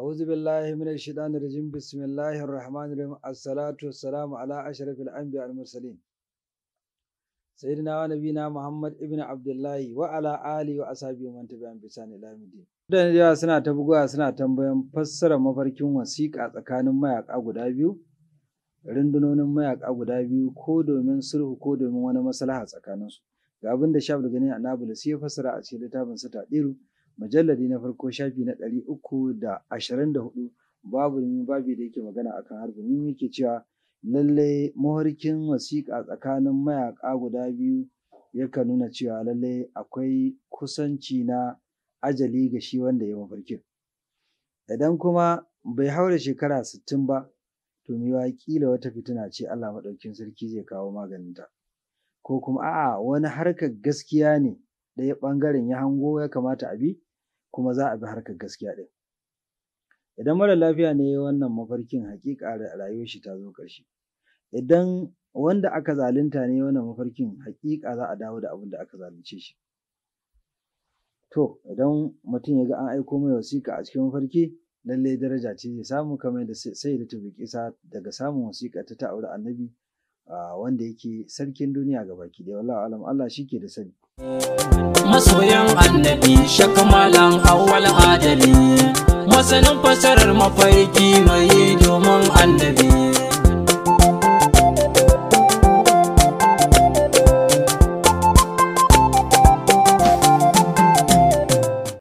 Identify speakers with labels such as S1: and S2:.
S1: أعوذ بالله من الشيطان الرجيم بسم الله الرحمن الرحيم الصلاة والسلام على أشرف الأنبياء المرسلين سيدنا ونبينا محمد ابن عبد الله وعلى آله وأصحابه من تبعهم بإحسان إلى يوم الدين Mutane yawa suna ta bugawa suna tambayan fassara mafarkin wasiƙa tsakanin mayaƙa guda biyu, rundunonin mayaƙa guda biyu ko domin sulhu ko domin wani maslaha tsakaninsu. Ga abin da Shaf da Gani Annabi ya fassara a cikin littafin sa Tadiru mujalladi na farko shafi na ɗari uku da ashirin da hudu babu ne babu da yake magana akan harbi rimi yake cewa lalle mawarkin wasiƙa tsakanin mayaƙa guda biyu yakan nuna cewa lalle akwai kusanci na ajali ga shi wanda ya mafarkin idan kuma bai haura shekara sittin ba to miwa kila wata fitina ce Allah maɗaukin sarki zai kawo maganinta ko kuma a'a wani harkar gaskiya ne ɗaya ɓangaren ya hango ya kamata a bi kuma za a bi harkar gaskiya ɗin. Idan mara lafiya ne wannan mafarkin haƙiƙa rayuwar shi ta zo ƙarshe. Idan wanda aka zalunta ne wannan mafarkin haƙiƙa za a dawo da abin da aka zalunce shi. To, idan mutum ya ga an aiko mai wasiƙa a cikin mafarki, lallai daraja ce zai samu kamar da sai da ta isa daga samun wasiƙa ta ta auri annabi Ah, wanda yake sarkin duniya ga baki da wallahu alam Allah shi ke da sani.
S2: Masoyan annabi shakamalan awwal adali masanin fasarar mafarki mai domin annabi.